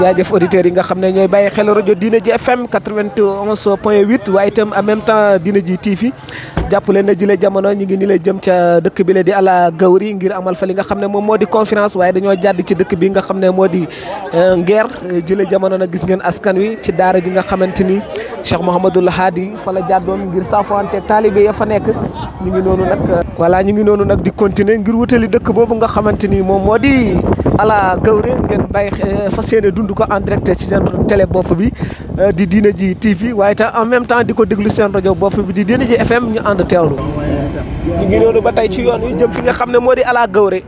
jaajëf auditeurs yi nga xam ne ñooy bàyyi xel rajo diine ji FM 91 point 8 waaye itam en même temps diine ji TV jàpp leen na jile jamono ñu ngi ni jëm ca dëkk bi la di Ala Gawri ngir amal fa li nga xam ne moom moo di confirence waaye dañoo jàdd ci dëkk bi nga xam ne moo di euh, ngeer jile jamono na gis ngeen askan wi ci daara ji nga xamante ni Cheikh Mouhamadul Hadi fa la jàddoon ngir saafante taalibe ya fa nekk ñu ngi noonu nag. voilà ñu ngi noonu nag di continuer ngir wutali dëkk boobu nga xamante ni moom moo di. ala gawri ngeen bàyyi euh, fas yéene dund ko en direct ci seen télé bopp bi euh, di diina ji TV waaye ta en même temps di ko déglu seen rajo bopp bi di diine ji FM ñu ànd teewlu. ñu ngi noonu ba tey ci yoon wi jëm fi nga xam ne moo di ala gawre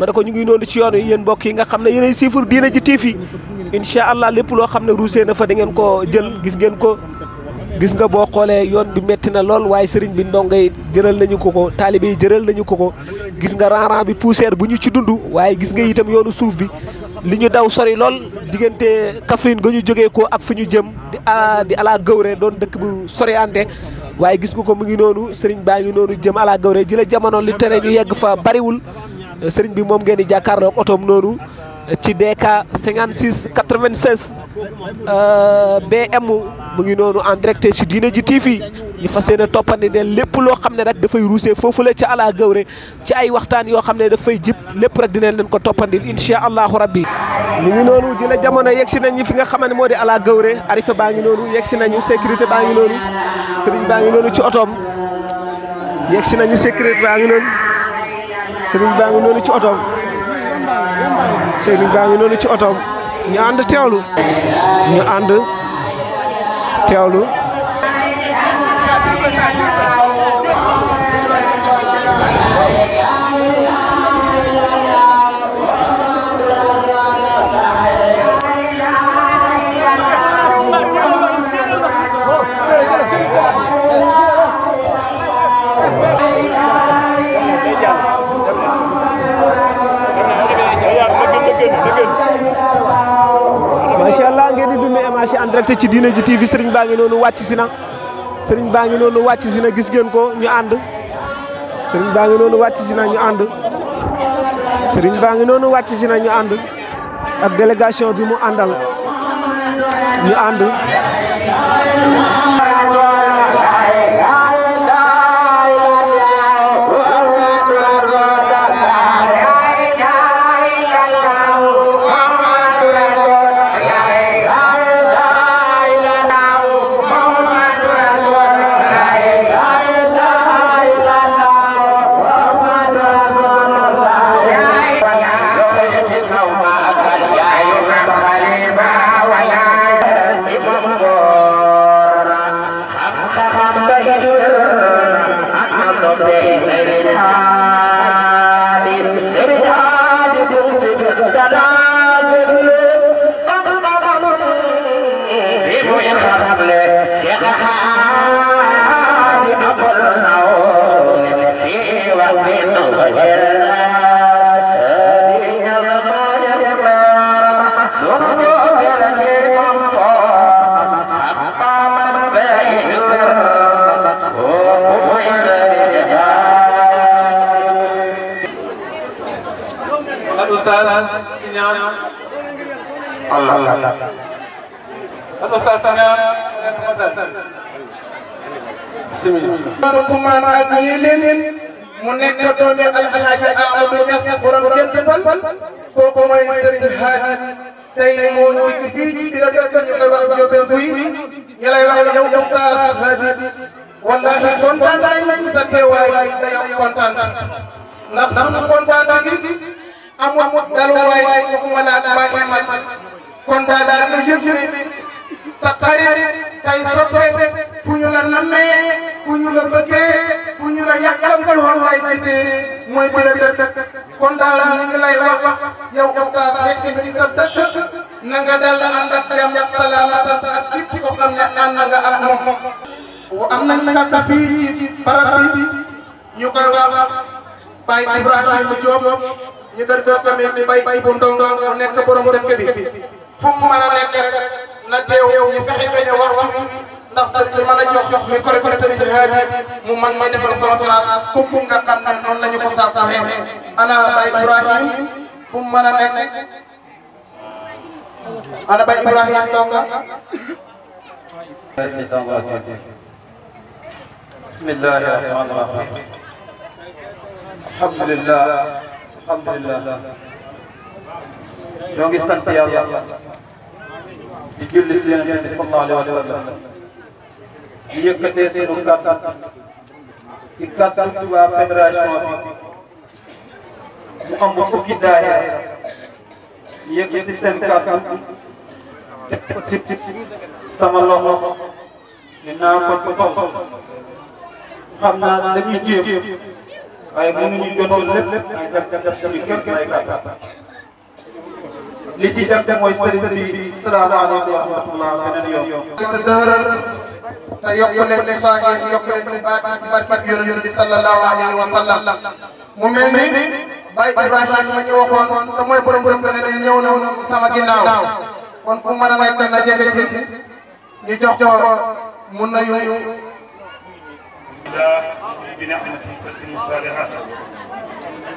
ma ne ko ñu ngi noonu ci yoon wi yéen mbokk yi nga xam ne yéenay siifur diine ji TV incha allah lépp loo xam ne ruusee na fa da ngeen ko jël gis ngeen ko. gis nga boo xoolee yoon bi metti na lool waaye sëriñ bi ndongo yi jëral nañu ko ko taalibe yi jëral nañu ko ko gis nga rang-rang bi poussière bu ñu ci dund waaye gis nga itam yoonu suuf bi li ñu daw sori lool diggante Kaffrine ga ñu jógee ko ak fu ñu jëm di ala di ala gawre doon dëkk bu soriante waaye gis nga ko mu ngi noonu sëriñ baa ngi noonu jëm ala gawre ji la jamono li tere ñu yegg fa bariwul sëriñ bi moom ngeen di jàkkaarloog otoom noonu ci DK 56 96 BM mu ngi noonu en direct si Diiné Dji TV ñu fa yéene toppandi deel lépp loo xam ne rek dafay ruusee foofu la ci ala gawre ci ay waxtaan yoo xam ne dafay jib lépp rek dinañ leen ko toppandil incha allahu rabbi ñu ngi noonu di la jamono yegg si nañu fi nga xam moo di ala gawre arife baa ngi noonu yegg si nañu sécurité baa ngi noonu sëriñ baa ngi noonu ci otoom yegg si nañu sécurité baa ngi noonu sëriñ baa ngi ci otoom sëriñ baa ngi noonu ci otoom ñu ànd teewlu ñu ànd teewlu Diakhté ci diine ji TV sëriñ baa ngi noonu wàcc si na sëriñ baa ngi noonu wàcc si na gis ngeen ko ñu ànd sëriñ baa ngi noonu wàcc si na ñu ànd sëriñ baa ngi noonu wàcc si na ñu ànd ak délégation bi mu àndal ñu ànd Só حسنات سمعكم عن أجيل mu nekk doomi alxaaji Amadou Niass borom gént bal kooku mooy sëriñ Haadi tey moo dikk fii ci dina dëkk ñu koy wax Jóobel buy ñu lay wax yow Oustaz Haadi wallahi kontaan nañ sa teewaay day am kontaan ndax suñu kontaan gi amul daluwaay waxuma laa waaye man kontaan naa nga yëg ne sa xarit say soppe fu ñu la nammee fu ñu la bëggee fu ñu la yàqal woon lay gisee mooy bële dëkk kon daal ñu ngi lay wax yow oustaz yegg nga ci sa dëkk na nga dal ànd ak jàmm ak salaam ak képp ko xam ne ànd nga ak moom. am nañ kàtt fii ci barab bi ñu koy wax Baye Ibrahima Diop ñu gën koo gëmee ni Baye bu Ndongo mu nekk borom dëkk bi fu mu mën a nekk rek. na teew ñu fexe gañe wax wax ndax sëriñ bi mën a jox jox mi kore kore sëriñ bi xeet mu man ma defal conférence kumpu nga xam ne noonu la ñu ko saa saa xeex ana Baye Ibrahim fu mu mën a nekk ana Baye Ibrahim Ndonga bismillahi rahmaani rahim alhamdulillah alhamdulillah ñoo ngi sant yàlla Yüzyıllıkların Nebi sallallahu aleyhi ve sellem. Liyekkatesi rukkatı. İkkatı ve federasyonu. Muhammutu kidaya. Liyekkatesi rukkatı. Samallahu. Nina kotukum. Hamna dañuy jéem. Waaye mënuñu jotoon lépp ay def def def ci kër ay kàttan. li ci jàpp te mooy sëriñ bi salaamaaleykum wa rahmatulah beneen yoon. te dëgëral te yokk leen ci saa yokk leen ci barkat yonent bi sallallahu alayhi wa sallam mu mel ni Baye Ibrahima ma ñu waxoon te mooy borom borom ne dañ ñëw na sama ginnaaw kon fu mën a nekk na jege si ñu jox ko mun na yooyu.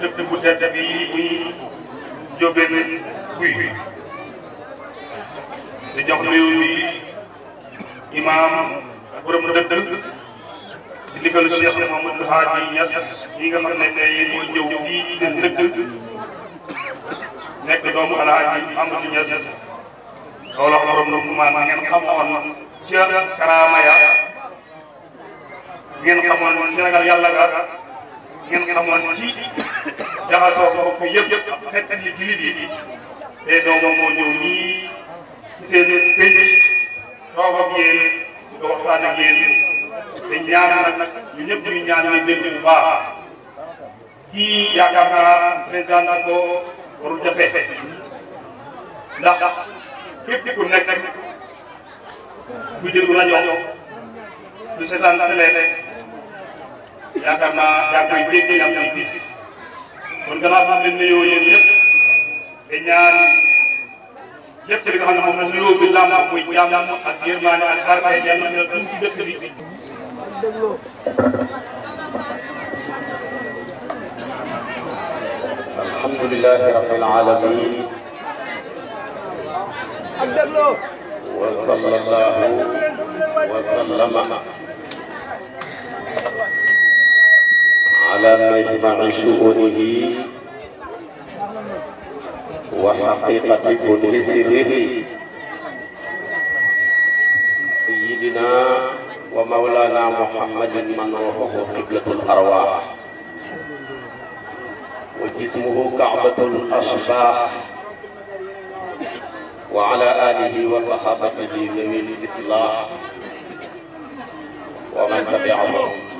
dëkk bu tedd bi muy jóge na guy di jox nuyoo bi imaam ak borom dëkk di ndigalu Cheikh Mouhamadou Hadi Niass ñi nga xam ne tey mooy ñëw fii seen dëkk nekk doomu Alaaji Amadou Niass loolu wax borom ndox maanaam ngeen xamoon ca karaama ya ngeen xamoon Sénégal yàlla ga ngeen xamoon ci jaxasoo mbokk yëpp fekk ni jullit yi te doomam moo ñëw nii seen pénc toog ak yéen di waxtaan ak yéen te ñaan nag ñu ñëpp ñuy ñaan ñu dégg bu baax kii yaakaar naa président ko warul jafe ndax képp ku nekk bu déglu rajo du seetaan télé yaakaar naa yaa dégg yaa kon gannaaw maa ngi leen nuyoo yéen ñëpp te ñaan lépp li nga xam ne moom la nuyoo bi làmb muy jàmm ak yërmaane ak barke yàlla na dugg ci dëkk bi. alhamdulilah rabbil alamin wa sallallahu wa sallama على مجمع شؤونه وحقيقة كله سره سيدنا ومولانا محمد من روحه قبلة الأرواح وجسمه كعبة الأشباح وعلى آله وصحابته من الإصلاح ومن تبعهم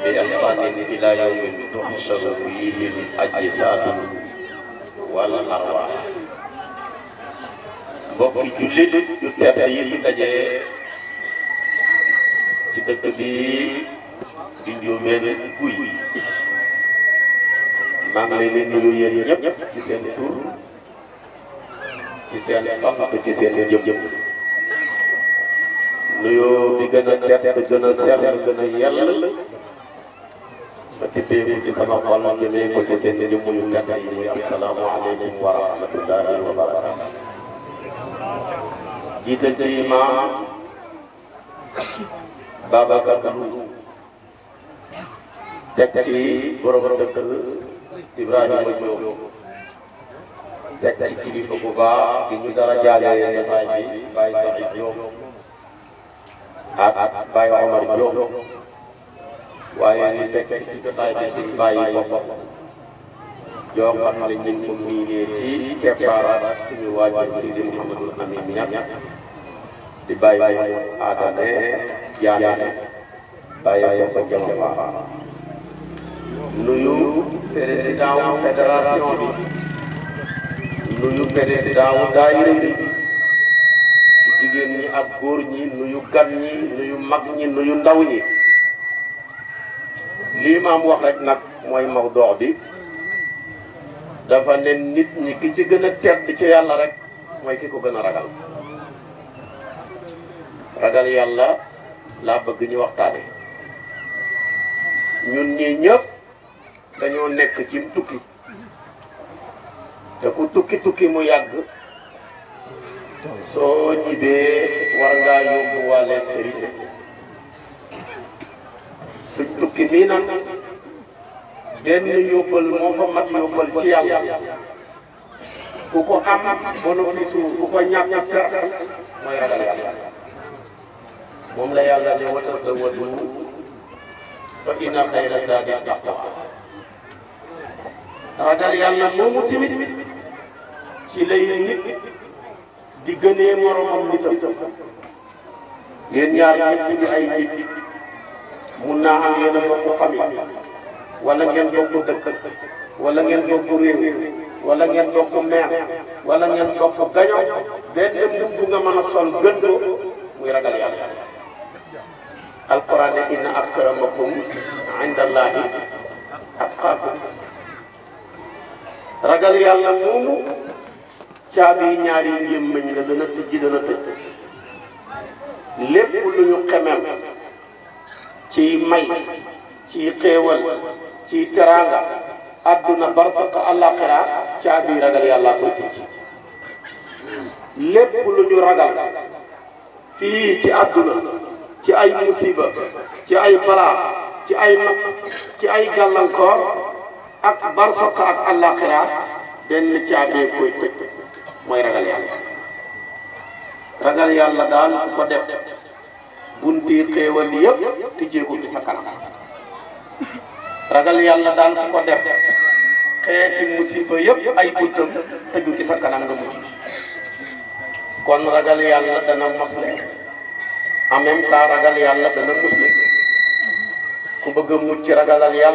بإحسان إلى يوم تحشر فيه الأجساد والأرواح bokki jullit yu tedd yi fi dajee ci dëkk bi di ngi leen ci seen tur ci seen sant ci seen jëm jëm nuyoo bi gën a tedd gën a ci sama xol jëmee ko ci seen jëmm yu tedd yi muy asalaamu wa rahmatullahi wa barakatu jiital ci imaam Babacar Kanu teg ci borom ci di ñu dara jaalee jotaay bi ak Baye Omar Diop waaye ñu fekk ci jotaay bi suñu bàyyi bopp yoo xam ne ñu ngi ko miinee ci keppaara suñu waajur Sidi Mouhamadou Amin Niass di bàyyi bàyyi aadane jaane bàyyi ko jamafa nuyu président fédération bi nuyu président daayira bi jigen ñi ak góor ñi nuyu gan ñi nuyu mag ñi nuyu ndaw ñi li maam wax rek nak moy mawdu' bi dafa ne nit ñi ki ci gëna tedd ci yalla rek moy kiko gëna ragal ragal yalla la bëgg ñu waxtane ñun ñii ñëpp dañoo nekk ci tukki te ku tukki tukki mu yàgg soo ñibbee war ngaa yóbbuwaale sérité suñ tukki bii nag benn yóbbal moo fa mat yóbbal ci yàlla ku ko am bénéfice ku ko ñàkk perte mooy yàlla moom la yàlla ne wa tazawwadu fa inna xayra zaadi taqwa ragal yàlla moomu timit ci lay nit di gënee moromam nitam yeen ñaar ñepp di ay nit mu na am yeen a bokk famille wala ngeen bokk dëkk wala ngeen bokk rew wala ngeen bokk mer wala ngeen bokk gaño benn mbubb nga mëna sol gën ko muy ragal yàlla alquran inna akramakum indallahi atqakum ragal yàlla moomu caabi ñaari njëmmañ la dana tijji dana tëj lépp lu ñu xemem ci may ci xéewal ci teraanga adduna barsaka àllaaxira caabi ragal yàlla koy tijji lépp lu ñu ragal fii ci adduna ci ay musiba ci ay balaa ci ay mag ci ay gàllankoor ak barsaka ak àllaaxira benn caabee koy tëj mooy ragal yàlla ragal yàlla daal bu ko def bunti xéewal yëpp tijjeeku ci sa kanam ragal yàlla daal bu ko def xeeti musiba yëpp ay buntam tëju ci sa kanam nga mucc ci kon ragal yàlla dana mosle en même ragal yàlla dana musle ku bëgg a mucc ragalal yàlla